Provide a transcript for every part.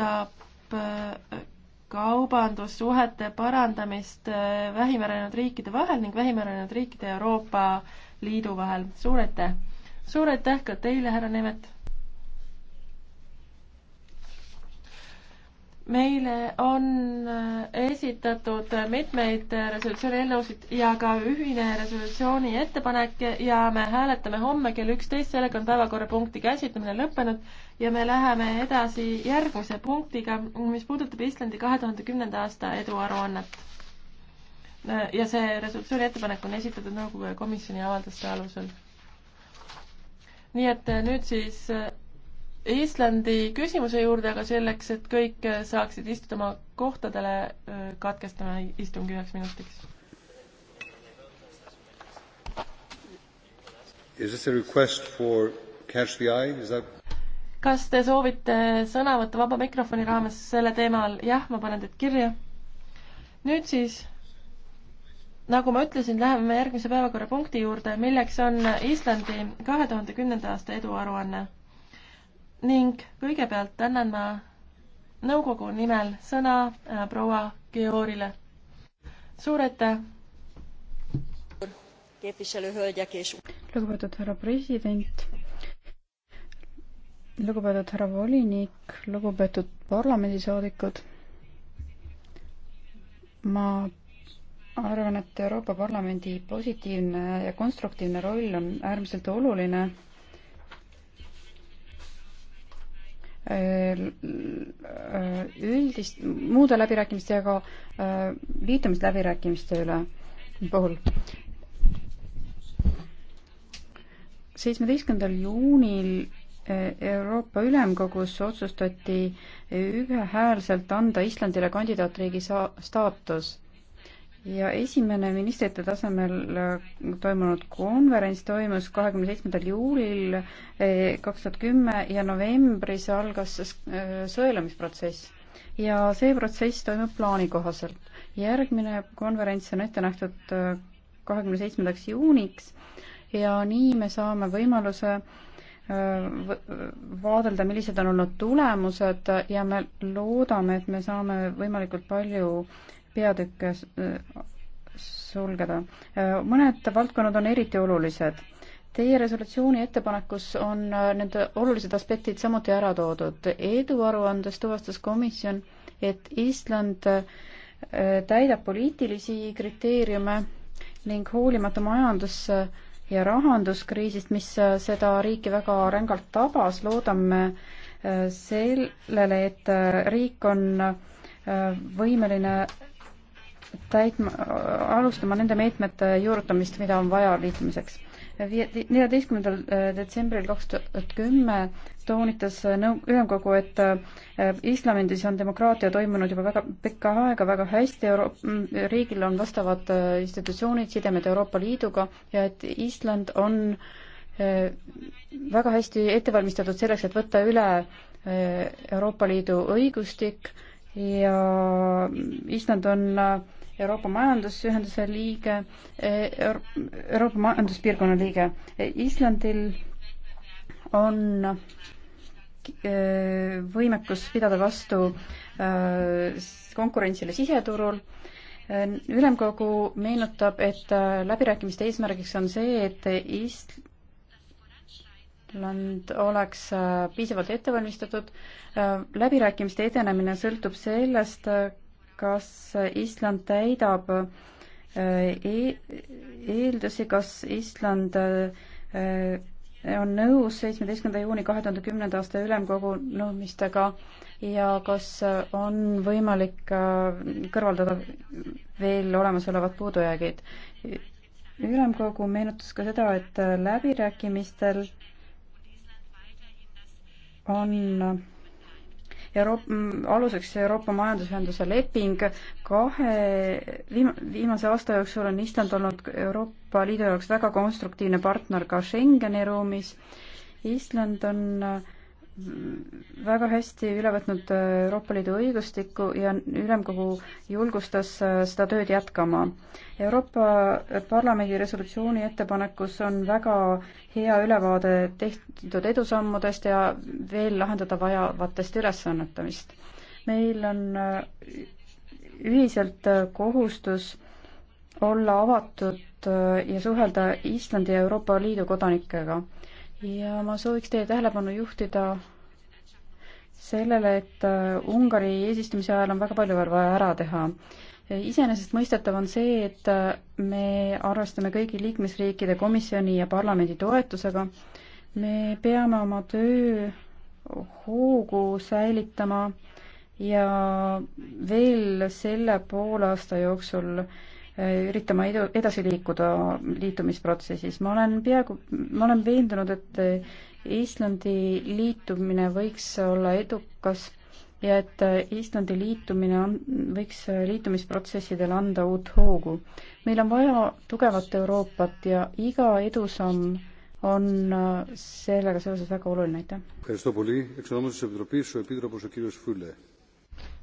puudutab äh, kaubandussuhete parandamist äh, vähim arenenud riikide vahel ning vähim arenenud riikide ja Euroopa Liidu vahel. suur aitäh! suur aitäh ka teile, härra Nemet! meile on äh, esitatud mitmeid äh, resolutsiooni eelnõusid ja ka ühine resolutsiooni ettepanek ja me hääletame homme kell üksteist, sellega on päevakorrapunkti käsitlemine lõppenud ja me läheme edasi järgmise punktiga, mis puudutab Islandi kahe tuhande kümnenda aasta eduaruannet. Äh, ja see resolutsiooni ettepanek on esitatud nõukogu ja komisjoni avalduste alusel. nii et nüüd siis Islandi küsimuse juurde, aga selleks, et kõik saaksid istuda oma kohtadele, katkestame istungi üheks minutiks. Is this a request for catch the eye, is that? kas te soovite sõna võtta vaba mikrofoni raames selle teemal? jah, ma panen teid kirja. nüüd siis, nagu ma ütlesin, läheme me järgmise päevakorrapunkti juurde, milleks on Islandi kahe tuhande kümnenda aasta eduaruanne ning kõigepealt annan ma nõukogu nimel sõna äh, proua Georile. suur aitäh! lugupeetud härra president, lugupeetud härra volinik, lugupeetud parlamendisaadikud, ma arvan, et Euroopa Parlamendi positiivne ja konstruktiivne roll on äärmiselt oluline Äh, üldist, muude läbirääkimiste ja ka äh, liitumisläbirääkimiste üle puhul. seitsmeteistkümnendal juunil äh, Euroopa Ülemkogus otsustati ühehäälselt anda Islandile kandidaatriigi staatus ja esimene ministrite tasemel äh, toimunud konverents toimus kahekümne seitsmendal juulil äh, kaks tuhat kümme ja novembris algas äh, sõelumisprotsess. ja see protsess toimub plaani kohaselt. järgmine konverents on ette nähtud kahekümne seitsmendaks juuniks ja nii me saame võimaluse vaadelda, millised on olnud tulemused ja me loodame, et me saame võimalikult palju peatükke äh, sulgeda. Äh, mõned valdkonnad on eriti olulised Teie resolutsiooni ettepanekus on äh, need olulised aspektid samuti ära toodud. eduaruandes tuvastas komisjon, et Island täidab poliitilisi kriteeriume ning hoolimata majandus- ja rahanduskriisist, mis seda riiki väga rängalt tabas, loodame sellele, et riik on võimeline täitma, alustama nende meetmete juurutamist, mida on vaja liitumiseks. neljateistkümnendal äh, detsembril kaks tuhat kümme toonitas äh, nõu-, ülemkogu, et äh, Islandis on demokraatia toimunud juba väga pikka aega väga hästi, euro-, mm, riigil on vastavad institutsioonid, sidemed Euroopa Liiduga ja et Island on väga hästi ette valmistatud selleks, et võtta üle Euroopa Liidu õigustik ja Island on Euroopa Majandusühenduse liige Euro, Euroopa Majanduspiirkonna liige. Islandil on äh, võimekus pidada vastu äh, konkurentsile siseturul. Äh, ülemkogu meenutab, et läbirääkimiste eesmärgiks on see, et Island oleks piisavalt ettevalmistatud. läbirääkimiste edenemine sõltub sellest, kas Island täidab äh, e eeldusi, kas Island äh, on nõus seitsmeteistkümnenda juuni kahe tuhande kümnenda aasta ülemkogu nõudmistega ja kas on võimalik äh, kõrvaldada veel olemasolevad puudujäägid. ülemkogu meenutas ka seda, et läbirääkimistel on Euroop-, mm, aluseks Euroopa Majandusühenduse leping, kahe viim-, viimase aasta jooksul on Island olnud Euroopa Liidu jaoks väga konstruktiivne partner ka Schengeni ruumis, Island on äh, väga hästi üle võtnud äh, Euroopa Liidu õigustikku ja ülemkogu julgustas äh, seda tööd jätkama. Euroopa Parlamendi resolutsiooni ettepanekus on väga hea ülevaade tehtud edusammudest ja veel lahendada vajavatest ülesannetamist. meil on äh, ühiselt kohustus olla avatud ja suhelda Islandi ja Euroopa Liidu kodanikega ja ma sooviks teie tähelepanu juhtida sellele, et äh, Ungari eesistumise ajal on väga palju veel vaja ära teha. iseenesestmõistetav on see, et äh, me arvestame kõigi liikmesriikide komisjoni ja parlamendi toetusega. me peame oma töö hoogu säilitama ja veel selle poolaasta jooksul äh, üritama edu, edasi liikuda liitumisprotsessis. ma olen peaaegu, ma olen veendunud, et Islandi liitumine võiks olla edukas ja et Islandi liitumine on, võiks liitumisprotsessidele anda uut hoogu. meil on vaja tugevat Euroopat ja iga edusamm on äh, sellega seoses väga oluline, aitäh!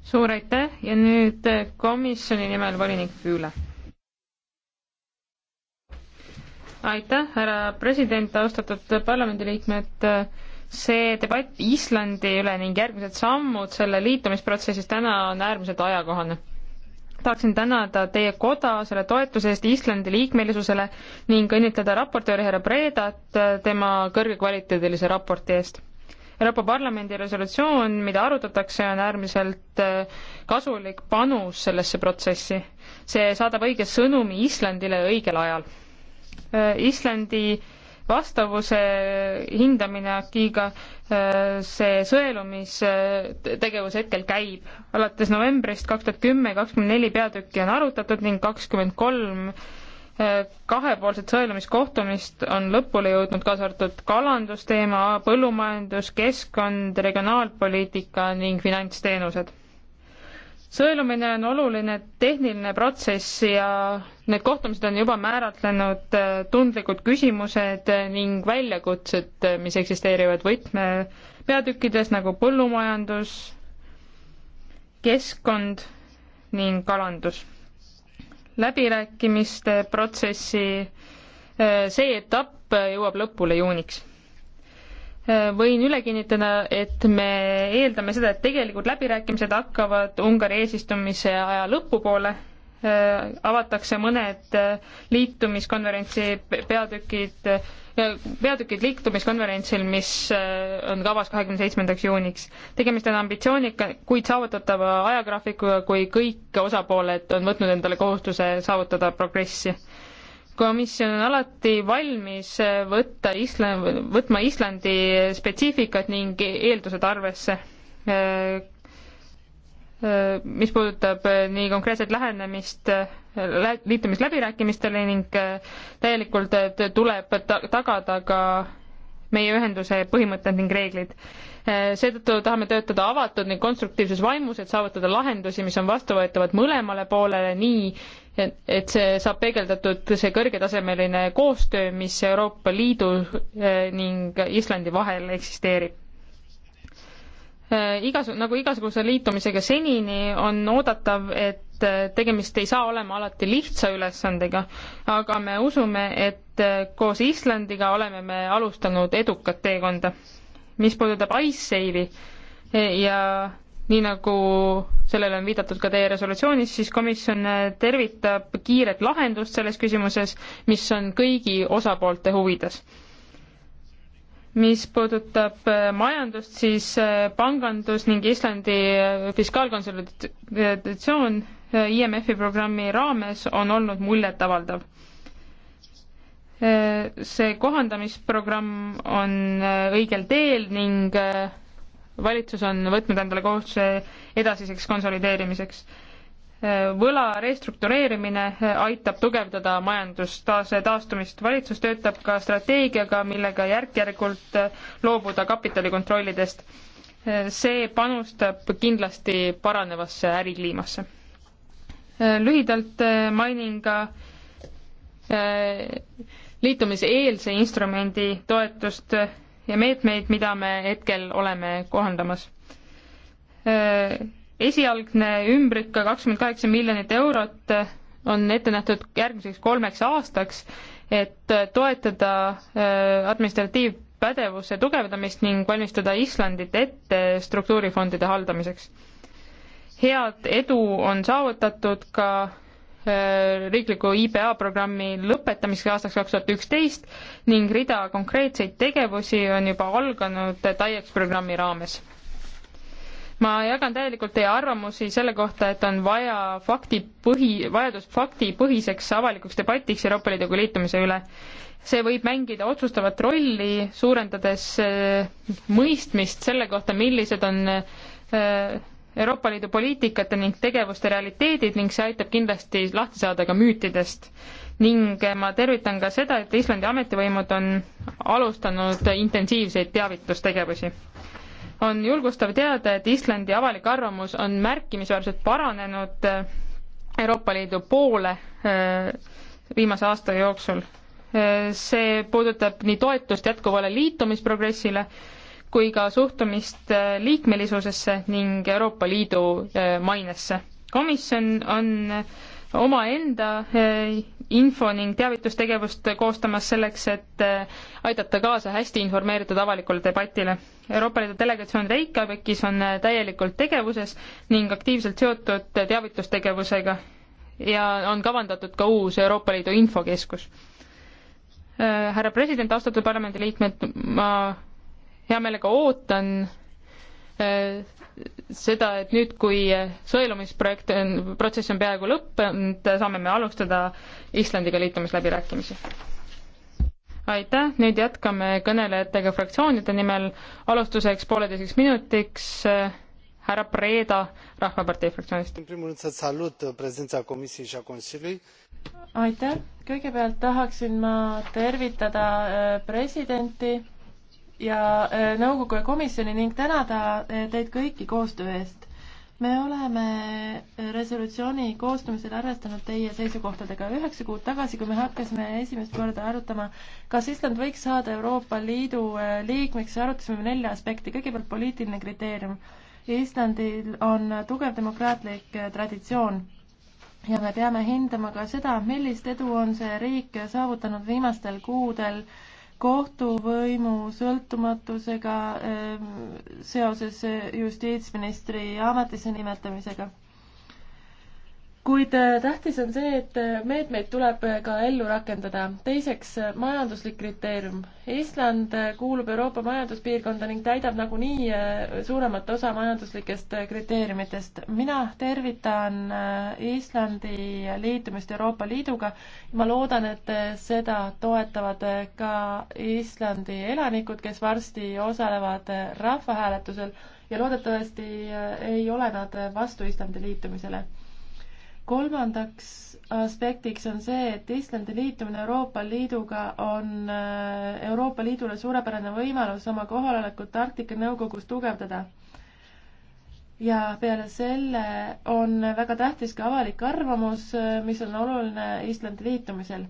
suur aitäh ja nüüd äh, komisjoni nimel volinik Füüle aitäh, härra president, austatud parlamendiliikmed see debatt Islandi üle ning järgmised sammud selle liitumisprotsessis täna on äärmiselt ajakohane. tahaksin tänada teie koda selle toetuse eest Islandi liikmelisusele ning õnnitleda raportööri härra Predat tema kõrgekvaliteedilise raporti eest. Euroopa Parlamendi resolutsioon, mida arutatakse, on äärmiselt äh, kasulik panus sellesse protsessi. see saadab õige sõnumi Islandile õigel ajal Äh, Islandi vastavuse hindamine AKI-ga, äh, see sõelumistegevus hetkel käib. alates novembrist kaks tuhat kümme kakskümmend neli peatükki on arutatud ning kakskümmend kolm äh, kahepoolset sõelumiskohtumist on lõpule jõudnud, kaasa arvatud kalandusteema, põllumajandus, keskkond, regionaalpoliitika ning finantsteenused sõelumine on oluline tehniline protsess ja need kohtumised on juba määratlenud äh, tundlikud küsimused äh, ning väljakutsed, äh, mis eksisteerivad võtmepeatükkides nagu põllumajandus, keskkond ning kalandus. läbirääkimiste protsessi see etapp jõuab lõpule juuniks võin üle kinnitada, et me eeldame seda, et tegelikult läbirääkimised hakkavad Ungari eesistumise aja lõpupoole, avatakse mõned liitumiskonverentsi peatükid, peatükid liitumiskonverentsil, mis on kavas kahekümne seitsmendaks juuniks. tegemist on ambitsioonika, kuid saavutatava ajagraafikuga, kui kõik osapooled on võtnud endale kohustuse saavutada progressi komisjon on alati valmis äh, võtta Island, võtma Islandi spetsiifikat ning eeldused arvesse. Äh, äh, mis puudutab nii konkreetset lähenemist liitumisläbirääkimistele ning täielikult tuleb tagada ka meie ühenduse põhimõtted ning reeglid. seetõttu tahame töötada avatud ning konstruktiivses vaimus, et saavutada lahendusi, mis on vastuvõetavad mõlemale poolele, nii et see saab peegeldatud, see kõrgetasemeline koostöö, mis Euroopa Liidu eh, ning Islandi vahel eksisteerib. Eh, Igas-, nagu igasuguse liitumisega senini, on oodatav, et eh, tegemist ei saa olema alati lihtsa ülesandega, aga me usume, et koos Islandiga oleme me alustanud edukat teekonda. mis puudutab Icesave'i ja nii nagu sellele on viidatud ka teie resolutsioonis, siis komisjon tervitab kiiret lahendust selles küsimuses, mis on kõigi osapoolte huvides. mis puudutab äh, majandust, siis äh, pangandus ning Islandi äh, fiskaalkonsolidatsioon IMF-i programmi raames on olnud muljetavaldav see kohandamisprogramm on õigel teel ning valitsus on võtnud endale kohustuse edasiseks konsolideerimiseks. võla restruktureerimine aitab tugevdada majandustaase taastumist. valitsus töötab ka strateegiaga, millega järk-järgult loobuda kapitalikontrollidest. see panustab kindlasti paranevasse ärikliimasse. lühidalt mainin ka äh, liitumiseelse instrumendi toetust ja meetmeid, mida me hetkel oleme kohandamas. esialgne ümbrik kakskümmend kaheksa miljonit eurot on ette nähtud järgmiseks kolmeks aastaks, et toetada administratiivpädevuse tugevdamist ning valmistada Islandit ette struktuurifondide haldamiseks. head edu on saavutatud ka Äh, riikliku IPA programmi lõpetamiseks aastaks kaks tuhat üksteist ning rida konkreetseid tegevusi on juba alganud TAIEX programmi raames. ma jagan täielikult teie arvamusi selle kohta, et on vaja faktipõhi, vajadus faktipõhiseks avalikuks debatiks Euroopa Liiduga liitumise üle. see võib mängida otsustavat rolli, suurendades äh, mõistmist selle kohta, millised on äh, Euroopa Liidu poliitikate ning tegevuste realiteedid ning see aitab kindlasti lahti saada ka müütidest. ning eh, ma tervitan ka seda, et Islandi ametivõimud on alustanud intensiivseid teavitustegevusi. on julgustav teada, et Islandi avalik arvamus on märkimisväärselt paranenud eh, Euroopa Liidu poole eh, viimase aasta jooksul. see puudutab nii toetust jätkuvale liitumisprogressile, kui ka suhtumist äh, liikmelisusesse ning Euroopa Liidu äh, mainesse. komisjon on äh, omaenda info ning teavitustegevust koostamas selleks, et aidata kaasa hästi informeeritud avalikule debatile. Euroopa Liidu delegatsioon Reykjavikis on täielikult tegevuses ning aktiivselt seotud teavitustegevusega ja on kavandatud ka uus Euroopa Liidu infokeskus. härra president, austatud parlamendiliikmed, ma hea meelega ootan äh, seda, et nüüd, kui äh, sõelumisprojekt on, protsess on peaaegu lõppenud, saame me alustada Islandiga liitumisläbirääkimisi. aitäh, nüüd jätkame kõnelejatega fraktsioonide nimel, alustuseks pooleteiseks minutiks äh, härra Preeda Rahvapartei fraktsioonist. aitäh, kõigepealt tahaksin ma tervitada presidenti ja äh, nõukogu ja komisjoni ning tänada äh, teid kõiki koostöö eest. me oleme äh, resolutsiooni koostamisel arvestanud teie seisukohtadega. üheksa kuud tagasi, kui me hakkasime esimest korda arutama, kas Island võiks saada Euroopa Liidu liikmeks, arutasime nelja aspekti. kõigepealt poliitiline kriteerium. Islandil on tugev demokraatlik traditsioon ja me peame hindama ka seda, millist edu on see riik saavutanud viimastel kuudel äh, kohtuvõimu sõltumatusega ehm, seoses justiitsministri ametisse nimetamisega kuid äh, tähtis on see, et äh, meetmeid tuleb äh, ka ellu rakendada. teiseks, majanduslik kriteerium. Island kuulub Euroopa Majanduspiirkonda ning täidab nagunii suuremat osa majanduslikest kriteeriumitest. mina tervitan Islandi liitumist Euroopa Liiduga. ma loodan, et seda toetavad ka Islandi elanikud, kes varsti osalevad rahvahääletusel ja loodetavasti ei ole nad vastu Islandi liitumisele kolmandaks aspektiks on see, et Islandi liitumine Euroopa Liiduga on äh, Euroopa Liidule suurepärane võimalus oma kohalolekut Arktika Nõukogus tugevdada. ja peale selle on väga tähtis ka avalik arvamus, äh, mis on oluline Islandi liitumisel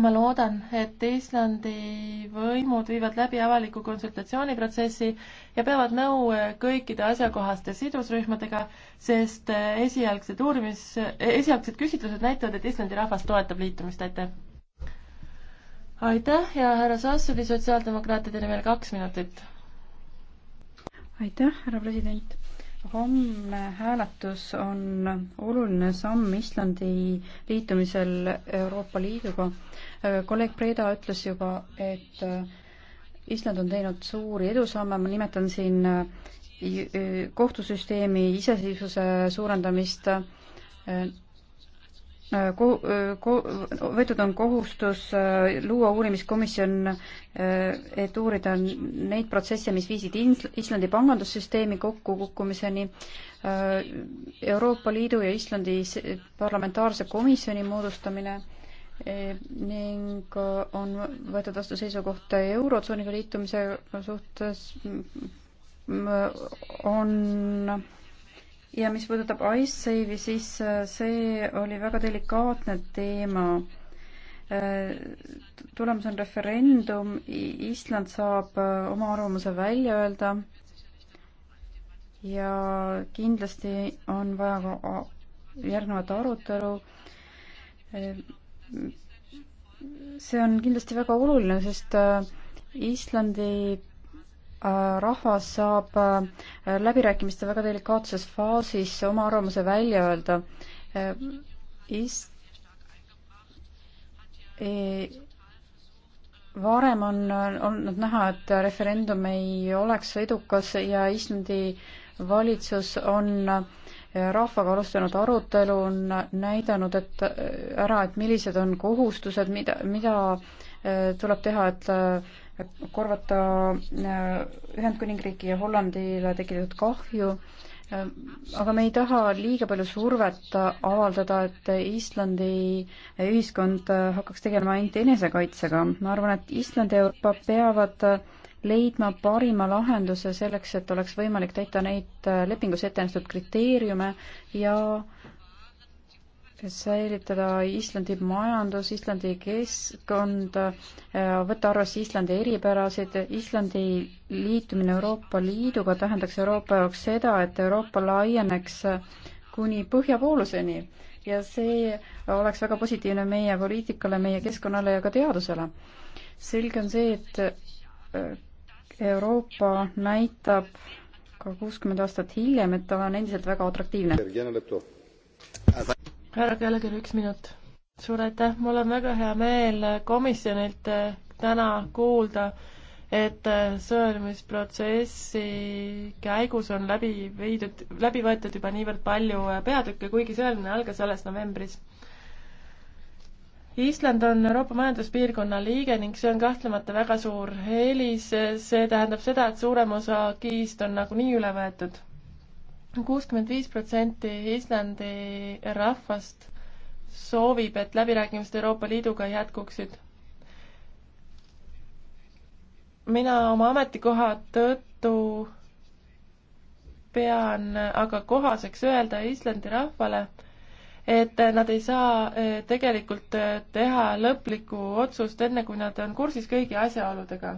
ma loodan, et Islandi võimud viivad läbi avaliku konsultatsiooniprotsessi ja peavad nõu kõikide asjakohaste sidusrühmadega, sest esialgsed uurimis, esialgsed küsitlused näitavad, et Islandi rahvas toetab liitumist, aitäh! aitäh ja härra Sassoli sotsiaaldemokraatide nimel kaks minutit. aitäh, härra president homne hääletus on oluline samm Islandi liitumisel Euroopa Liiduga. Äh, kolleeg Preda ütles juba, et äh, Island on teinud suuri edusamme, ma nimetan siin äh, kohtusüsteemi iseseisvuse suurendamist, Äh, ko-, äh, ko-, võetud on kohustus äh, luua uurimiskomisjon, et uurida neid protsesse, mis viisid Islandi pangandussüsteemi kokkukukkumiseni. Euroopa Liidu ja Islandi parlamentaarse komisjoni moodustamine ning on võetud vastu seisukoht Eurotsooniga liitumise suhtes, mm, mm, on ja mis puudutab Icesave'i, siis äh, see oli väga delikaatne teema. Äh, tulemus on referendum, Island saab äh, oma arvamuse välja öelda ja kindlasti on vaja ka järgnevat arutelu. see on kindlasti väga oluline, sest Islandi rahvas saab äh, läbirääkimiste väga delikaatses faasis oma arvamuse välja öelda. Äh, is-, e- varem on olnud näha, et referendum ei oleks edukas ja Islandi valitsus on äh, rahvaga alustanud arutelu, on näidanud, et ära, et millised on kohustused, mida, mida tuleb teha, et korvata äh, Ühendkuningriigi ja Hollandile tekitatud kahju, äh, aga me ei taha liiga palju survet avaldada, et Islandi ühiskond äh, hakkaks tegelema ainult enesekaitsega. ma arvan, et Island ja Euroopa peavad leidma parima lahenduse selleks, et oleks võimalik täita neid lepingus ette antud kriteeriume ja äh, säilitada Islandi majandus, Islandi keskkond, võtta arvesse Islandi eripärasid, Islandi liitumine Euroopa Liiduga tähendaks Euroopa jaoks seda, et Euroopa laieneks kuni põhjapooluseni ja see oleks väga positiivne meie poliitikale, meie keskkonnale ja ka teadusele. selge on see, et äh, Euroopa näitab ka kuuskümmend aastat hiljem, et ta on endiselt väga atraktiivne härra Kelleger, üks minut. suur aitäh, mul on väga hea meel komisjonilt eh, täna kuulda, et eh, sõelmisprotsessi käigus on läbi viidud, läbi võetud juba niivõrd palju eh, peatükke, kuigi sõelmine algas alles novembris. Island on Euroopa Majanduspiirkonna liige ning see on kahtlemata väga suur eelis, see tähendab seda, et suurem osa kiist on nagunii üle võetud kuuskümmend viis protsenti Islandi rahvast soovib, et läbirääkimised Euroopa Liiduga jätkuksid. mina oma ametikoha tõttu pean aga kohaseks öelda Islandi rahvale, et nad ei saa eh, tegelikult eh, teha lõplikku otsust, enne kui nad on kursis kõigi asjaoludega.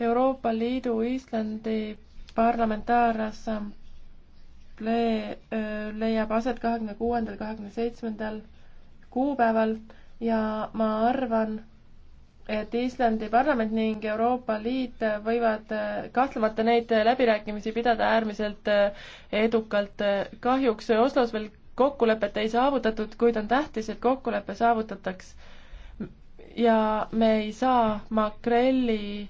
Euroopa Liidu Islandi parlamentaarassamblee assamblee leiab aset kahekümne kuuendal, kahekümne seitsmendal kuupäeval ja ma arvan, et Islandi parlament ning Euroopa Liit võivad kahtlemata neid läbirääkimisi pidada äärmiselt edukalt. kahjuks Oslos veel kokkulepet ei saavutatud, kuid on tähtis, et kokkulepe saavutataks. ja me ei saa makrelli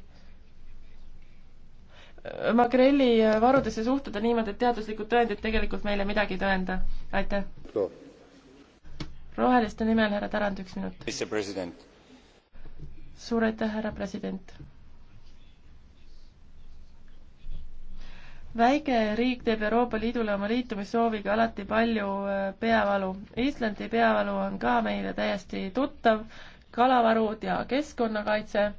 makrelli varudesse suhtuda niimoodi, et teaduslikud tõendid tegelikult meile midagi ei tõenda. aitäh no.. roheliste nimel härra Tarand, üks minut. suur aitäh, härra president. väike riik teeb Euroopa Liidule oma liitumissooviga alati palju äh, peavalu. Islandi peavalu on ka meile täiesti tuttav, kalavarud ja keskkonnakaitse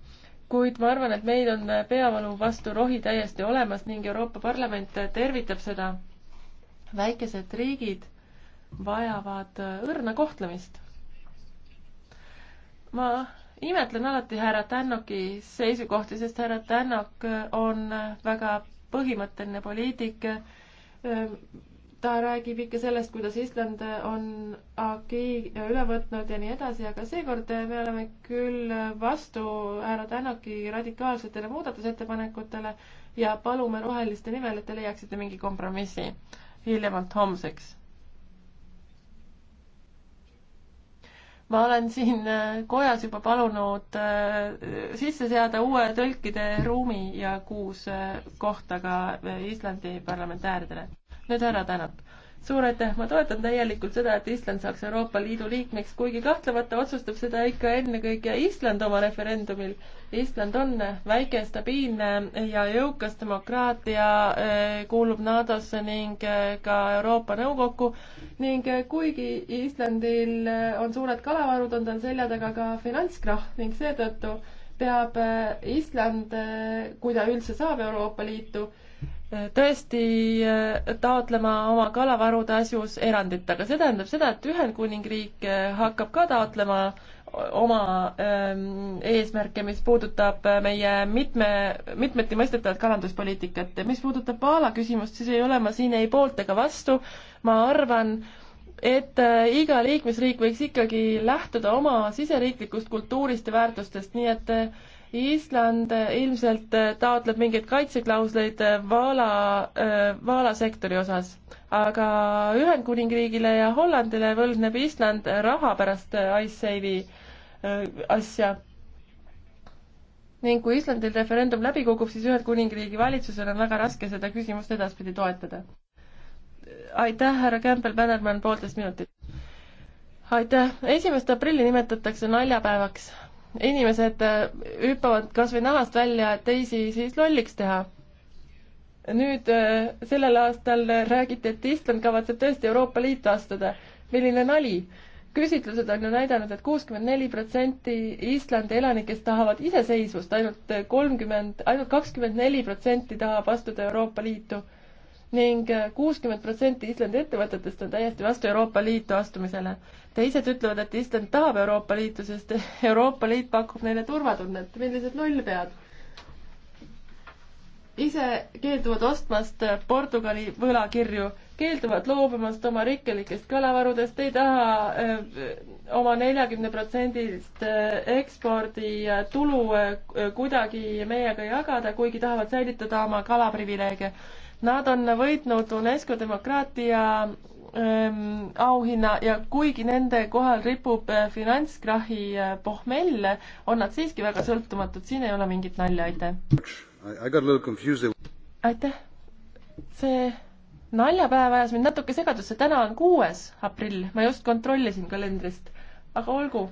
kuid ma arvan, et meil on peavalu vastu rohi täiesti olemas ning Euroopa Parlament tervitab seda. väikesed riigid vajavad õrna kohtlemist. ma imetlen alati härra Tännoki seisukohti, sest härra Tännok on väga põhimõtteline poliitik ta räägib ikka sellest, kuidas Island on AKI üle võtnud ja nii edasi, aga seekord me oleme küll vastu härra Tänaki radikaalsetele muudatusettepanekutele ja palume roheliste nimel, et te leiaksite mingi kompromissi hiljemalt homseks. ma olen siin äh, kojas juba palunud äh, sisse seada uue tõlkide ruumi ja kuus äh, kohta ka Islandi parlamentääridele nüüd härra Tänat suur aitäh, ma toetan täielikult seda, et Island saaks Euroopa Liidu liikmeks, kuigi kahtlemata otsustab seda ikka ennekõike Island oma referendumil. Island on väike, stabiilne ja jõukas demokraatia, eh, kuulub NATO-sse ning eh, ka Euroopa Nõukokku ning eh, kuigi Islandil on suured kalavarud, on tal selja taga ka finantskrahv ning seetõttu peab äh, Island, äh, kui ta üldse saab Euroopa Liitu, äh, tõesti taotlema oma kalavarude asjus erandit, aga see tähendab seda, et Ühendkuningriik hakkab ka taotlema oma ähm, eesmärke, mis puudutab meie mitme, mitmeti mõistetavat kalanduspoliitikat ja mis puudutab Paala küsimust, siis ei ole ma siin ei poolt ega vastu, ma arvan, et äh, iga liikmesriik võiks ikkagi lähtuda oma siseriiklikust kultuurist ja väärtustest, nii et äh, Island äh, ilmselt taotleb mingeid kaitseklausleid vaala, vaalasektori osas, aga Ühendkuningriigile ja Hollandile võlgneb Island raha pärast Icesave'i asja. ning kui Islandil referendum läbi kukub, siis Ühendkuningriigi valitsusel on väga raske seda küsimust edaspidi toetada aitäh, härra Campbell-Bannerman, poolteist minutit. aitäh, esimest aprilli nimetatakse naljapäevaks. inimesed äh, hüppavad kas või nahast välja, et teisi siis lolliks teha nüüd äh, sellel aastal räägiti, et Island kavatseb tõesti Euroopa Liitu astuda. milline nali! küsitlused on ju näidanud et, et kuuskümmend neli protsenti Islandi elanikest tahavad iseseisvust ainult, ainult kolmkümmend, ainult kakskümmend neli protsenti tahab astuda Euroopa Liitu ning kuuskümmend protsenti Islandi ettevõtetest on täiesti vastu Euroopa Liitu astumisele. teised ütlevad, et Island tahab Euroopa Liitu, sest Euroopa Liit pakub neile turvatunnet. millised lollpead! ise keelduvad ostmast Portugali võlakirju, keelduvad loobumast oma rikkelikest kalavarudest, ei taha öö, äh, oma neljakümne protsendist äh, ekspordi tulu öö, äh, kuidagi meiega jagada, kuigi tahavad säilitada oma kalaprivileege Nad on võitnud UNESCO demokraatia ähm, auhinna ja kuigi nende kohal ripub äh, finantskrahi äh, pohmell, on nad siiski väga sõltumatud, siin ei ole mingit nalja, aitäh. aitäh. see naljapäev ajas mind natuke segadusse, täna on kuues aprill, ma just kontrollisin kalendrist, aga olgu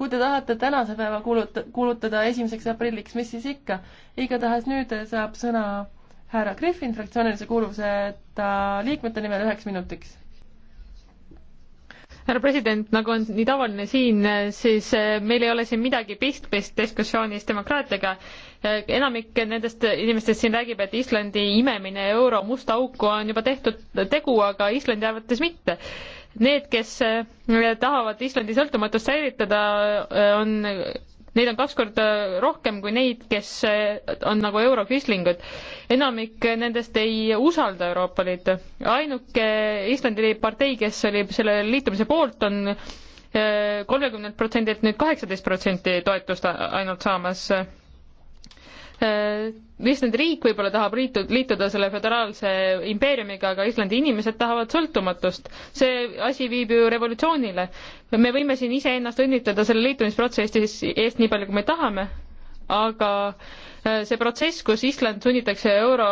kui te tahate tänase päeva kuuluta, kuulutada esimeseks aprilliks, mis siis ikka. igatahes nüüd saab sõna härra Griffin fraktsioonilise kuuluvuseta liikmete nimel üheks minutiks. härra president, nagu on nii tavaline siin, siis eh, meil ei ole siin midagi pistmist diskussioonis demokraatiaga. Eh, enamik nendest inimestest siin räägib, et Islandi imemine euro musta auku on juba tehtud tegu, aga Islandi arvates mitte Need, kes äh, tahavad Islandi sõltumatust säilitada, äh, on, neid on kaks korda rohkem kui neid, kes äh, on nagu euroküslingud. enamik nendest ei usalda Euroopa Liitu. ainuke Islandi partei, kes oli selle liitumise poolt, on kolmekümnelt protsendilt nüüd kaheksateist protsenti toetust ainult saamas Äh, Island riik võib-olla tahab liitud, liituda selle föderaalse impeeriumiga, aga Islandi inimesed tahavad sõltumatust. see asi viib ju revolutsioonile. me võime siin iseennast õnnitleda selle liitumisprotsessis eest nii palju, kui me tahame, aga äh, see protsess, kus Island sunnitakse euro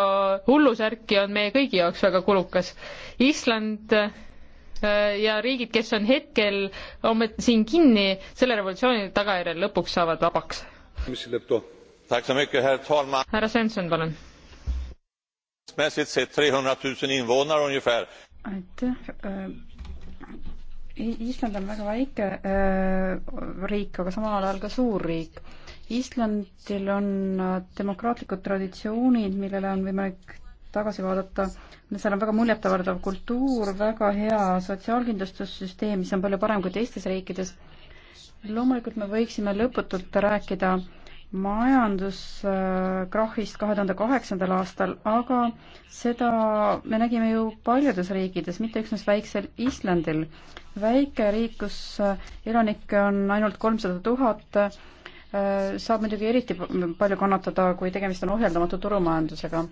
hullusärki, on meie kõigi jaoks väga kulukas. Island äh, ja riigid, kes on hetkel on siin kinni, selle revolutsiooni tagajärjel lõpuks saavad vabaks. mis see teeb too? härra Svensson, palun. aitäh. Äh, Island on väga väike äh, riik, aga samal ajal ka suur riik. Islandil on äh, demokraatlikud traditsioonid, millele on võimalik tagasi vaadata. seal on väga muljetavaldav kultuur, väga hea sotsiaalkindlustussüsteem, mis on palju parem kui teistes riikides. loomulikult me võiksime lõputult rääkida äh, majanduskrahhist kahe tuhande kaheksandal aastal, aga seda me nägime ju paljudes riikides, mitte üksnes väiksel Islandil. väike riik, kus elanikke on ainult kolmsada tuhat, saab muidugi eriti palju kannatada, kui tegemist on ohjeldamatu turumajandusega.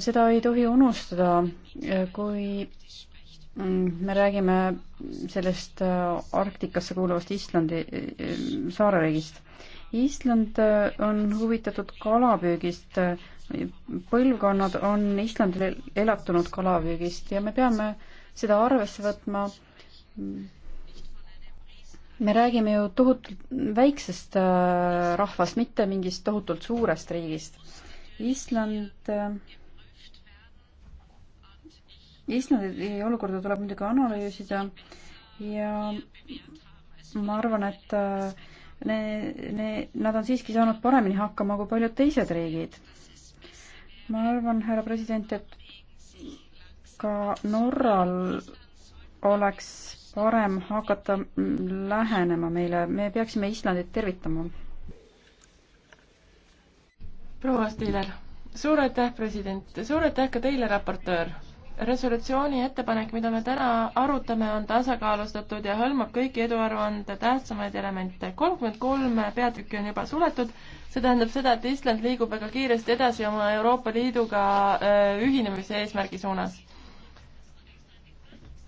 seda ei tohi unustada, kui me räägime sellest Arktikasse kuuluvast Islandi saareriigist Island äh, on huvitatud kalapüügist, põlvkonnad on Islandil elatunud kalapüügist ja me peame seda arvesse võtma. me räägime ju tohutult väiksest äh, rahvast, mitte mingist tohutult suurest riigist. Island äh, Islandi olukorda tuleb muidugi analüüsida ja ma arvan, et ne, ne, nad on siiski saanud paremini hakkama kui paljud teised riigid. ma arvan, härra president, et ka Norral oleks parem hakata lähenema meile, me peaksime Islandit tervitama. proua Stiiler, suur aitäh, president, suur aitäh ka teile, raportöör resolutsiooni ettepanek, mida me täna arutame, on tasakaalustatud ja hõlmab kõiki eduaruande tähtsamaid elemente. kolmkümmend kolm peatükki on juba suletud, see tähendab seda, et Island liigub väga kiiresti edasi oma Euroopa Liiduga äh, ühinemise eesmärgi suunas.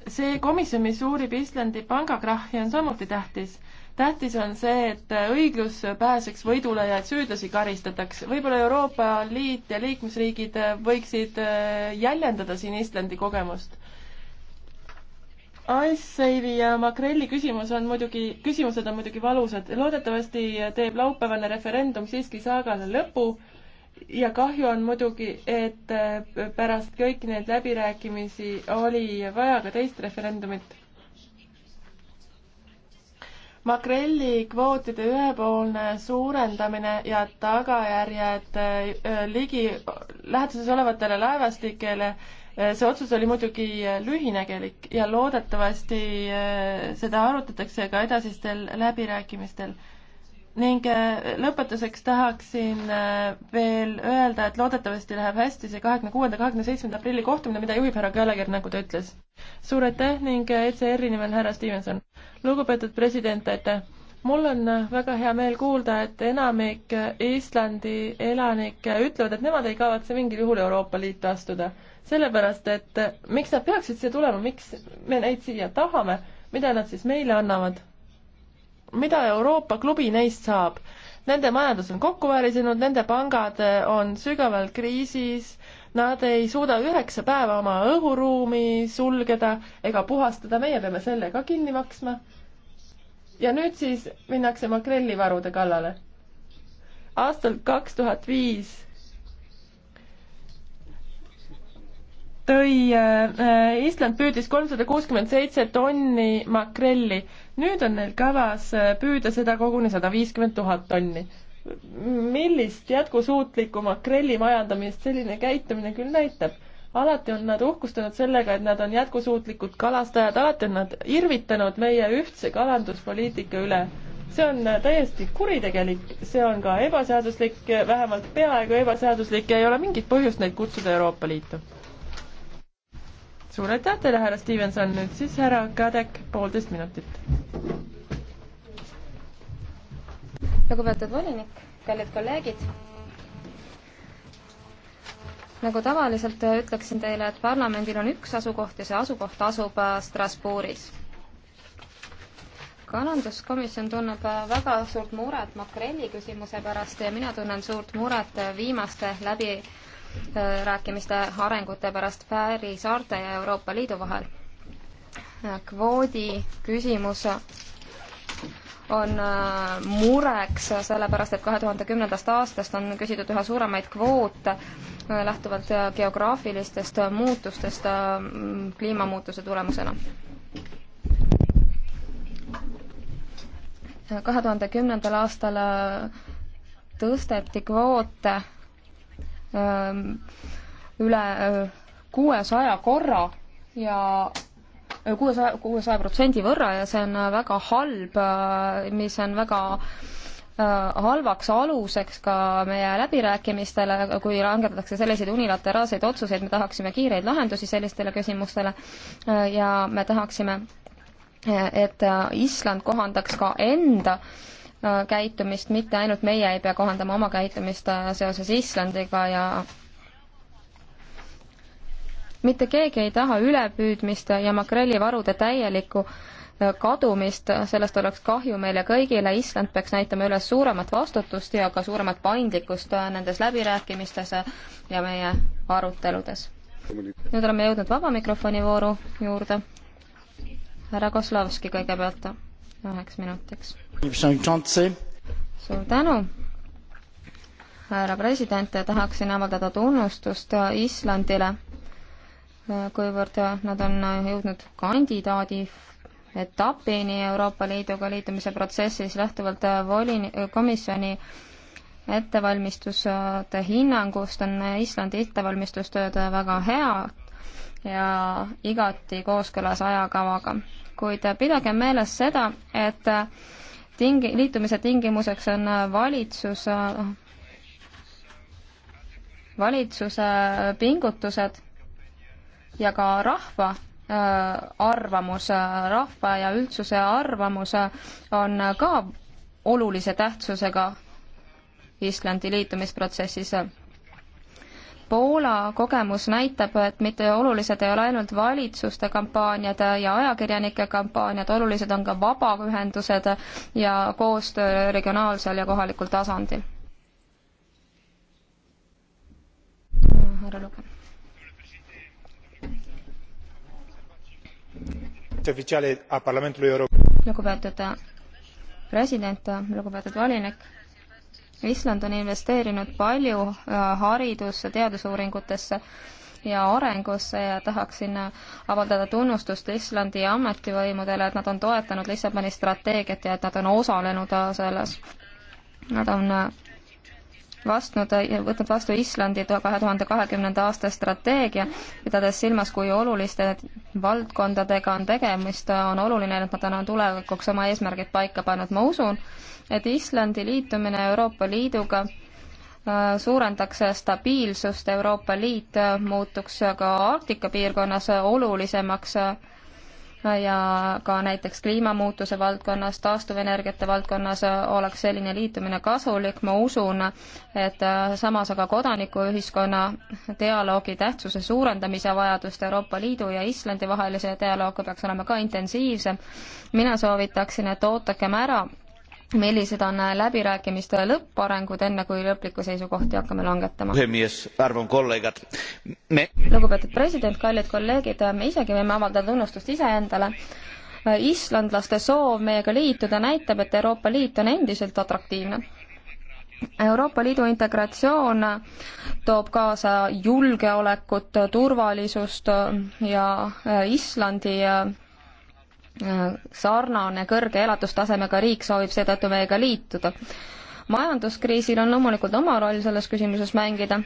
see komisjon, mis uurib Islandi pangakrahhi, on samuti tähtis tähtis on see, et õiglus pääseks võidule ja et süüdlasi karistataks. võib-olla Euroopa Liit ja liikmesriigid võiksid äh, jäljendada siin Islandi kogemust. Icesave'i ja Makrelli küsimus on muidugi, küsimused on muidugi valusad. loodetavasti teeb laupäevane referendum siiski saagale lõpu ja kahju on muidugi, et äh, pärast kõiki neid läbirääkimisi oli vaja ka teist referendumit makrelli kvootide ühepoolne suurendamine ja tagajärjed äh, äh, ligi läheduses olevatele laevastikele, äh, see otsus oli muidugi lühinägelik ja loodetavasti seda arutatakse ka edasistel läbirääkimistel ning äh, lõpetuseks tahaksin äh, veel öelda, et loodetavasti läheb hästi see kahekümne kuuenda, kahekümne seitsmenda aprilli kohtumine, mida juhib härra Gallagher, nagu ta ütles. suur aitäh ning äh, ECR-i nimel härra Stevenson. lugupeetud president, aitäh! mul on väga hea meel kuulda, et enamik Islandi elanikke ütlevad, et nemad ei kavatse mingil juhul Euroopa Liitu astuda. sellepärast, et miks nad peaksid siia tulema, miks me neid siia tahame, mida nad siis meile annavad? mida Euroopa klubi neist saab? Nende majandus on kokku varisenud, nende pangad eh, on sügaval kriisis, nad ei suuda üheksa päeva oma õhuruumi sulgeda ega puhastada, meie peame selle ka kinni maksma. ja nüüd siis minnakse makrellivarude kallale. aastal kaks tuhat viis tõi äh,, Island püüdis kolmsada kuuskümmend seitse tonni makrelli. nüüd on neil kavas äh, püüda seda koguni sada viiskümmend tuhat tonni. millist jätkusuutlikku makrelli majandamist selline käitumine küll näitab? alati on nad uhkustanud sellega, et nad on jätkusuutlikud kalastajad, alati on nad irvitanud meie ühtse kalanduspoliitika üle see on äh, täiesti kuritegelik, see on ka ebaseaduslik, vähemalt peaaegu ebaseaduslik ja ei ole mingit põhjust neid kutsuda Euroopa Liitu suur aitäh teile, härra Stevenson, nüüd siis härra Kadek, poolteist minutit. lugupeetud volinik, kallid kolleegid. nagu tavaliselt äh, ütleksin teile, et parlamendil on üks asukoht ja see asukoht asub äh, Strasbourgis. kalanduskomisjon tunneb äh, väga suurt muret makrelli küsimuse pärast ja mina tunnen suurt muret viimaste läbi Äh, rääkimiste arengute pärast Fääri saarte ja Euroopa Liidu vahel. Äh, kvoodi küsimus on äh, mureks, sellepärast et kahe tuhande kümnendast aastast on küsitud üha suuremaid kvoote lähtuvalt geograafilistest muutustest kliimamuutuse tulemusena. kahe tuhande kümnendal aastal tõsteti kvoote üle kuuesaja korra ja kuuesaja, kuuesaja protsendi võrra ja see on väga halb, mis on väga halvaks aluseks ka meie läbirääkimistele, kui langetatakse selliseid unilateraalseid otsuseid, me tahaksime kiireid lahendusi sellistele küsimustele ja me tahaksime, et Island kohandaks ka enda äh, käitumist, mitte ainult meie ei pea kohandama oma käitumist äh, seoses Islandiga ja mitte keegi ei taha ülepüüdmist ja makrellivarude täielikku äh, kadumist, sellest oleks kahju meile kõigile, Island peaks näitama üles suuremat vastutust ja ka suuremat paindlikkust äh, nendes läbirääkimistes ja meie aruteludes. nüüd oleme jõudnud vaba mikrofoni vooru juurde. härra Koslovski kõigepealt üheks minutiks suur tänu, härra president, tahaksin avaldada tunnustust Islandile, kuivõrd nad on jõudnud kandidaadi etapini Euroopa Liiduga liitumise protsessis lähtuvalt volini-, komisjoni ettevalmistuste hinnangust on Islandi ettevalmistustööd väga head ja igati kooskõlas ajakavaga. kuid pidagem meeles seda, et tingi-, liitumise tingimuseks on valitsuse, valitsuse pingutused ja ka rahva äh, arvamus, rahva ja üldsuse arvamus on ka olulise tähtsusega Islandi liitumisprotsessis Poola kogemus näitab, et mitte olulised ei ole ainult valitsuste kampaaniad ja ajakirjanike kampaaniad, olulised on ka vabaühendused ja koostöö regionaalsel ja kohalikul tasandil. härra Lugan. lugupeetud president, lugupeetud volinik Island on investeerinud palju äh, haridusse, teadusuuringutesse ja arengusse ja tahaksin äh, avaldada tunnustust Islandi ametivõimudele, et nad on toetanud Lissaboni strateegiat ja et nad on osalenud äh, selles. Nad on vastnud, võtnud vastu Islandi kahe tuhande kahekümnenda aasta strateegia, pidades silmas, kui oluliste valdkondadega on tegemist, on oluline, et nad on tulevikuks oma eesmärgid paika pannud. ma usun, et Islandi liitumine Euroopa Liiduga äh, suurendaks stabiilsust, Euroopa Liit muutuks ka Arktika piirkonnas olulisemaks ja ka näiteks kliimamuutuse valdkonnas, taastuvenergiate valdkonnas oleks selline liitumine kasulik, ma usun, et samas aga kodanikuühiskonna dialoogi tähtsuse suurendamise vajadust Euroopa Liidu ja Islandi vahelise dialoog peaks olema ka intensiivsem. mina soovitaksin, et ootakem ära millised on läbirääkimiste lõpparengud, enne kui lõplikku seisukohti hakkame langetama. Me... lugupeetud president, kallid kolleegid, me isegi võime avaldada tunnustust iseendale. islandlaste soov meiega liituda näitab, et Euroopa Liit on endiselt atraktiivne. Euroopa Liidu integratsioon toob kaasa julgeolekut, turvalisust ja Islandi sarnane kõrge elatustasemega riik soovib seetõttu meiega liituda. majanduskriisil on loomulikult oma roll selles küsimuses mängida.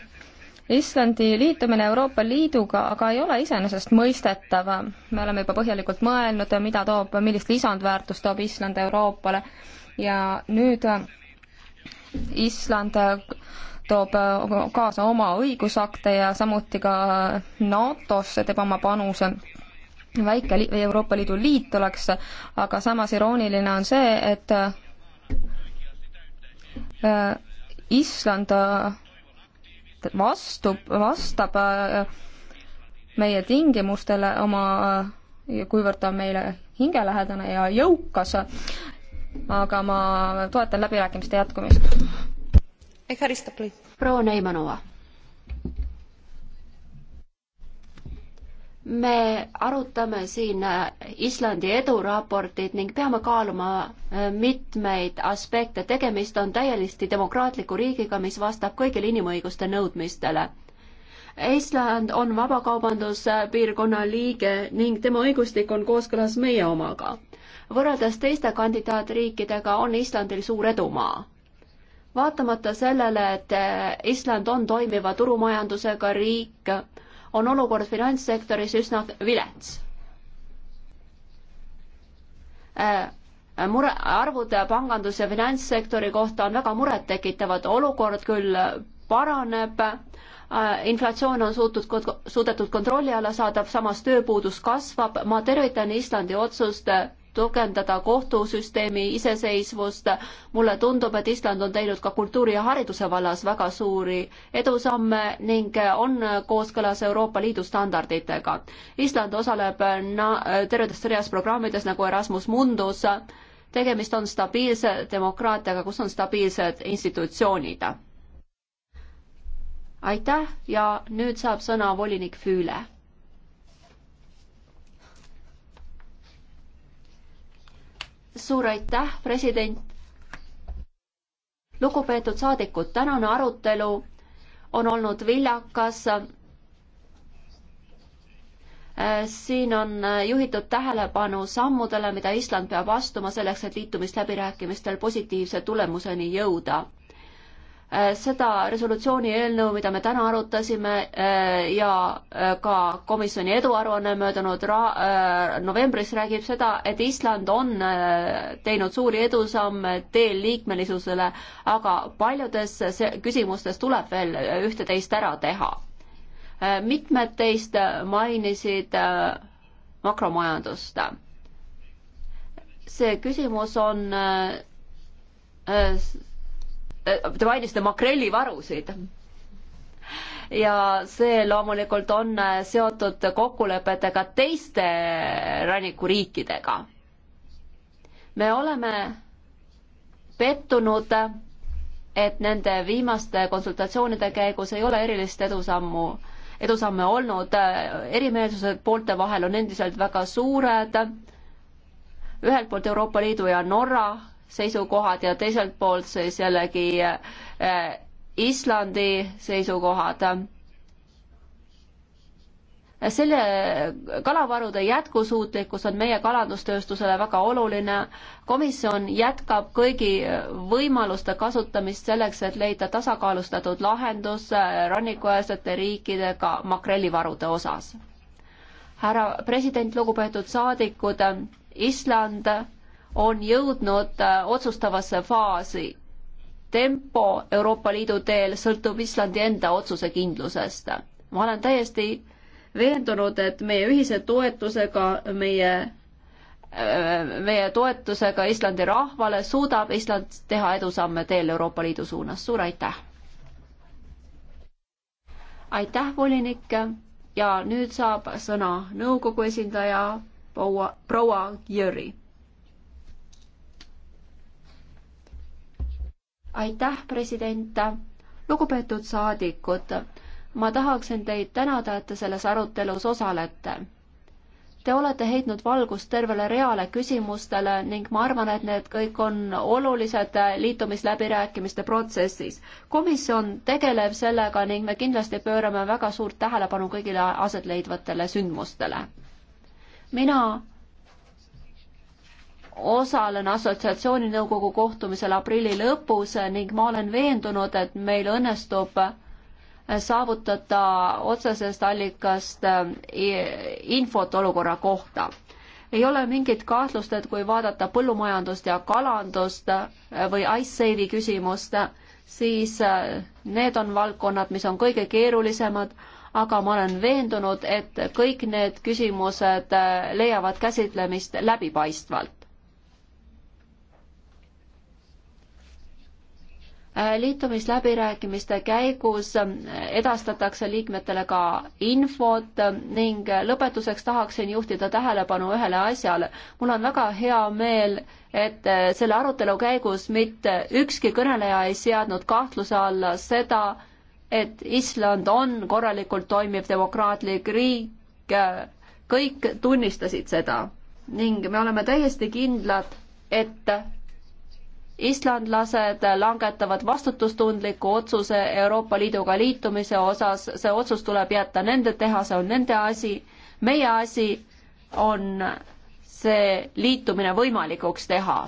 Islandi liitumine Euroopa Liiduga aga ei ole iseenesestmõistetav. me oleme juba põhjalikult mõelnud, mida toob, millist lisandväärtust toob Island Euroopale ja nüüd Island toob kaasa oma õigusakte ja samuti ka NATO-sse teeb oma panuse väike li Euroopa Liidu liit oleks, aga samas irooniline on see, et äh, Island äh, vastu, vastab äh, meie tingimustele oma äh,, kuivõrd ta on meile hingelähedane ja jõukas, aga ma toetan läbirääkimiste jätkumist. proua Neimanova me arutame siin äh, Islandi eduraportit ning peame kaaluma äh, mitmeid aspekte. tegemist on täielisti demokraatliku riigiga, mis vastab kõigile inimõiguste nõudmistele. Island on vabakaubanduspiirkonna liige ning tema õigustik on kooskõlas meie omaga. võrreldes teiste kandidaatriikidega on Islandil suur edumaa vaatamata sellele, et äh, Island on toimiva turumajandusega riik, on olukord finantssektoris üsna vilets. Äh, mure, arvud pangandus- ja finantssektori kohta on väga murettekitavad, olukord küll paraneb, äh, inflatsioon on suutud, suudetud kontrolli alla saada, samas tööpuudus kasvab, ma tervitan Islandi otsust äh, tugevdada kohtusüsteemi iseseisvust. mulle tundub, et Island on teinud ka kultuuri ja hariduse vallas väga suuri edusamme ning on kooskõlas Euroopa Liidu standarditega. Island osaleb tervetes reas programmides nagu Erasmus Mundus. tegemist on stabiilse demokraatiaga, kus on stabiilsed institutsioonid. aitäh ja nüüd saab sõna volinik Füüle suur aitäh, president. lugupeetud saadikud, tänane arutelu on olnud viljakas. siin on juhitud tähelepanu sammudele, mida Island peab astuma selleks, et liitumisläbirääkimistel positiivse tulemuseni jõuda Äh, seda resolutsiooni eelnõu, mida me täna arutasime äh, ja äh, ka komisjoni eduaruanne möödunud ra-, novembris räägib seda, et Island on teinud suuri edusamme teel liikmelisusele, aga paljudes küsimustes tuleb veel ühte-teist ära teha. mitmed teist mainisid makromajandust. see küsimus on Äh, te mainisite makrellivarusid ja see loomulikult on äh, seotud kokkulepetega teiste rannikuriikidega. me oleme pettunud, et nende viimaste konsultatsioonide käigus ei ole erilist edusammu, edusamme olnud, erimeelsused poolte vahel on endiselt väga suured, ühelt poolt Euroopa Liidu ja Norra seisukohad ja teiselt poolt siis jällegi äh, Islandi seisukohad. selle kalavarude jätkusuutlikkus on meie kalandustööstusele väga oluline. komisjon jätkab kõigi võimaluste kasutamist selleks, et leida tasakaalustatud lahendus äh, rannikuäärsete riikidega makrellivarude osas. härra president, lugupeetud saadikud, äh, Island on jõudnud äh, otsustavasse faasi. tempo Euroopa Liidu teel sõltub Islandi enda otsusekindlusest. ma olen täiesti veendunud, et meie ühise toetusega, meie äh, meie toetusega Islandi rahvale suudab Island teha edusamme teel Euroopa Liidu suunas. suur aitäh! aitäh, volinik ja nüüd saab sõna nõukogu esindaja proua, proua Jüri aitäh, president. lugupeetud saadikud, ma tahaksin teid tänada, et te selles arutelus osalete. Te olete heitnud valgust tervele reale küsimustele ning ma arvan, et need kõik on olulised liitumisläbirääkimiste protsessis. komisjon tegeleb sellega ning me kindlasti pöörame väga suurt tähelepanu kõigile aset leidvatele sündmustele. mina osalen assotsiatsiooni nõukogu kohtumisel aprilli lõpus ning ma olen veendunud, et meil õnnestub saavutada otsesest allikast e, infot olukorra kohta. ei ole mingit kahtlust, et kui vaadata põllumajandust ja kalandust või IceSave'i küsimust, siis need on valdkonnad, mis on kõige keerulisemad, aga ma olen veendunud, et kõik need küsimused leiavad käsitlemist läbipaistvalt Äh, liitumisläbirääkimiste käigus äh, edastatakse liikmetele ka infot äh, ning lõpetuseks tahaksin juhtida tähelepanu ühele asjale. mul on väga hea meel, et selle arutelu käigus mitte ükski kõneleja ei seadnud kahtluse alla seda, et Island on korralikult toimiv demokraatlik riik, kõik tunnistasid seda ning me oleme täiesti kindlad, et islandlased langetavad vastutustundliku otsuse Euroopa Liiduga liitumise osas, see otsus tuleb jätta nende teha, see on nende asi, meie asi on see liitumine võimalikuks teha.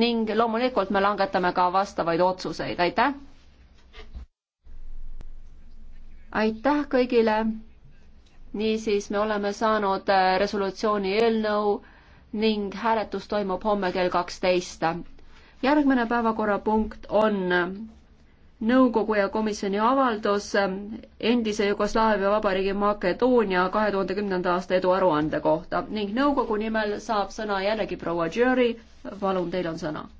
ning loomulikult me langetame ka vastavaid otsuseid, aitäh! aitäh kõigile! niisiis, me oleme saanud resolutsiooni eelnõu ning hääletus toimub homme kell kaksteist järgmine päevakorrapunkt on nõukogu ja komisjoni avaldus endise Jugoslaavia Vabariigi Makedoonia kahe tuhande kümnenda aasta eduaruande kohta ning nõukogu nimel saab sõna jällegi proua Jüri, palun, teil on sõna